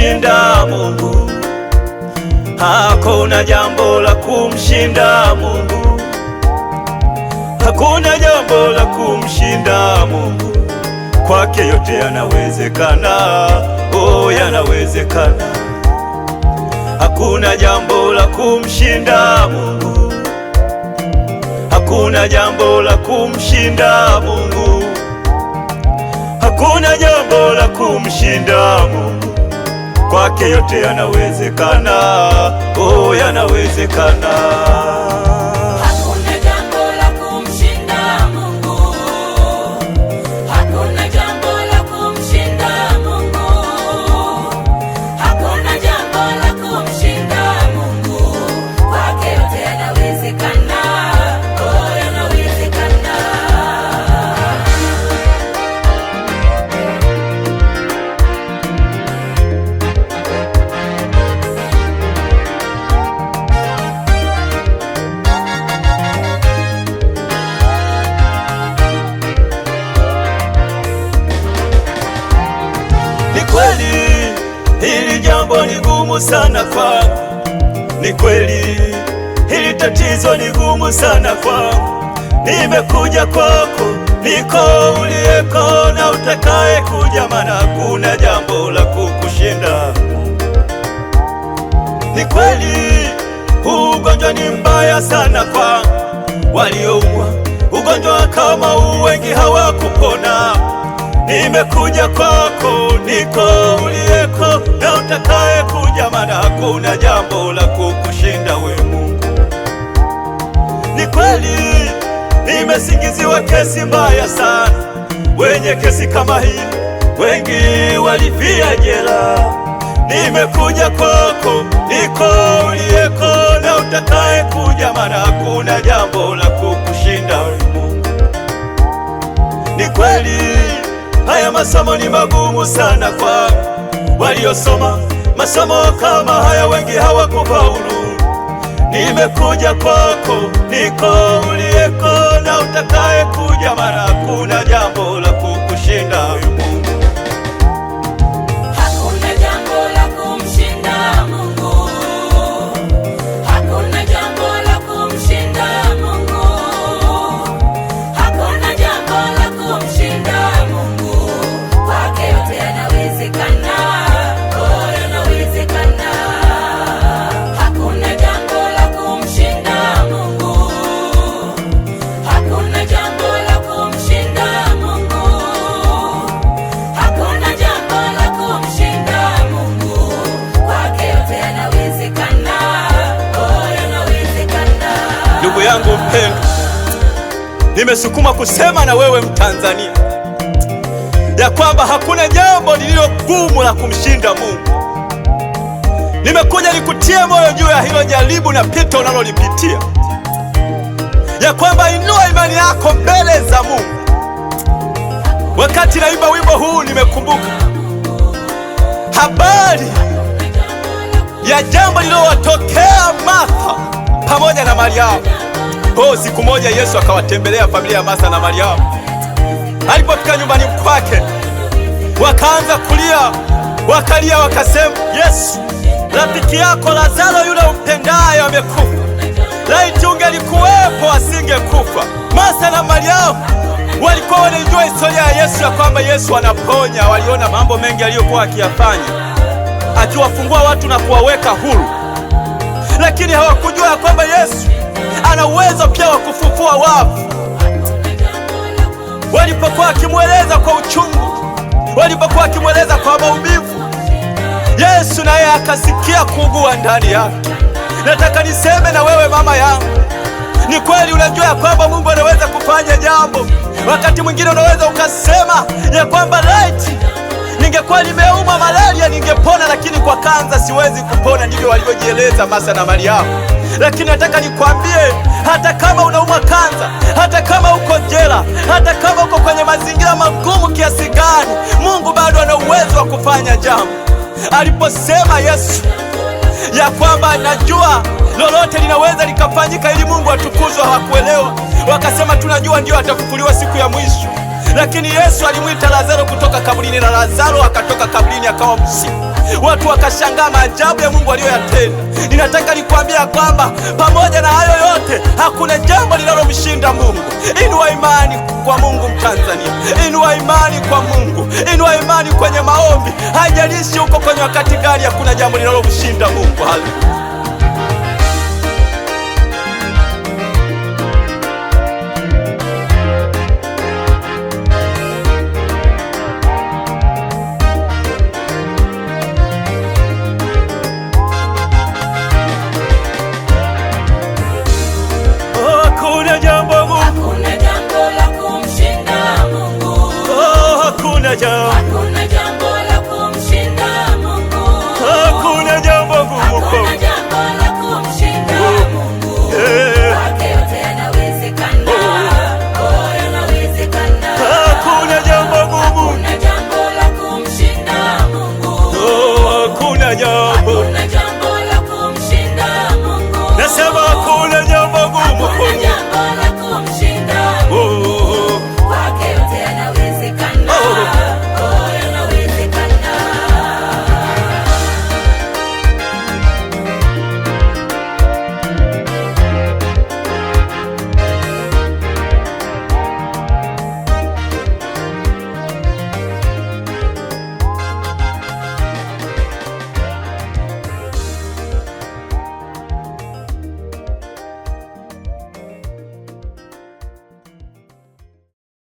kumshinda Mungu, hakuna jambo la kumshinda Mungu, hakuna jambo la kumshinda Mungu. Kwake yote yanawezekana, oh, yanawezekana. Hakuna jambo la kumshinda Mungu, hakuna jambo la kumshinda Mungu, hakuna jambo la kumshinda Mungu kwake yote yanawezekana, oh, yanawezekana. jambo ni gumu sana kwangu, ni kweli hili tatizo ni gumu sana kwangu. Nimekuja kwako, niko uliyeko na utakaye kuja, mana kuna jambo la kukushinda. Ni kweli ugonjwa ni mbaya sana kwangu, walioumwa ugonjwa kama huu wengi hawakupona. Nimekuja kwako, niko uliyeko na utakaye kuja, maana hakuna jambo la kukushinda we Mungu. Ni kweli nimesingiziwa kesi mbaya sana, wenye kesi kama hii wengi walifia jela. Nimekuja kwako, niko uliyeko na utakaye kuja, maana masomo ni magumu sana kwa waliosoma masomo kama haya, wengi hawakufaulu. Nimekuja kwako, niko uliyeko na utakaye kuja, mara kuna jambo yangu mpendwa, nimesukuma kusema na wewe Mtanzania ya kwamba hakuna jambo lililo gumu la kumshinda Mungu. Nimekuja nikutie moyo juu ya hilo jaribu na pito unalolipitia, ya kwamba inua imani yako mbele za Mungu. Wakati naimba wimbo huu, nimekumbuka habari ya jambo lililowatokea Martha pamoja na Mariamu ho siku moja Yesu akawatembelea familia ya Martha na Mariamu. Alipofika nyumbani kwake, wakaanza kulia, wakalia wakasema, Yesu, rafiki yako Lazaro yule umpendaye amekufa. Laiti ungelikuwepo asingekufa. Martha na Mariamu walikuwa wanajua historia ya Yesu ya kwamba Yesu anaponya. Waliona mambo mengi aliyokuwa akiyafanya, akiwafungua watu na kuwaweka huru, lakini hawakujua ya kwamba Yesu ana uwezo pia wa kufufua wafu. Walipokuwa akimweleza kwa uchungu, walipokuwa akimweleza kwa maumivu, Yesu naye akasikia kuugua ndani yake. Nataka niseme na wewe mama yangu, ni kweli, unajua ya kwamba Mungu anaweza kufanya jambo. Wakati mwingine unaweza ukasema ya kwamba laiti ningekuwa nimeumwa malaria ningepona, lakini kwa kanza siwezi kupona. Ndivyo walivyojieleza Masa na Mariamu. Lakini nataka nikwambie, hata kama unaumwa kanza, hata kama uko jela, hata kama uko kwenye mazingira magumu kiasi gani, Mungu bado ana uwezo wa kufanya jambo. Aliposema Yesu ya kwamba najua lolote linaweza likafanyika ili Mungu atukuzwa, hawakuelewa. Wakasema tunajua ndio atafufuliwa siku ya mwisho lakini Yesu alimwita Lazaro kutoka kaburini, na Lazaro akatoka kaburini akawa mzima. Watu wakashangaa maajabu ya Mungu aliyoyatenda. Ninataka nikwambia kwamba pamoja na hayo yote hakuna jambo linalomshinda Mungu. Inua imani kwa Mungu Mtanzania, inua imani kwa Mungu, inua imani kwenye maombi. Haijalishi uko kwenye wakati gani, hakuna jambo linalomshinda Mungu. Haleluya. 거죠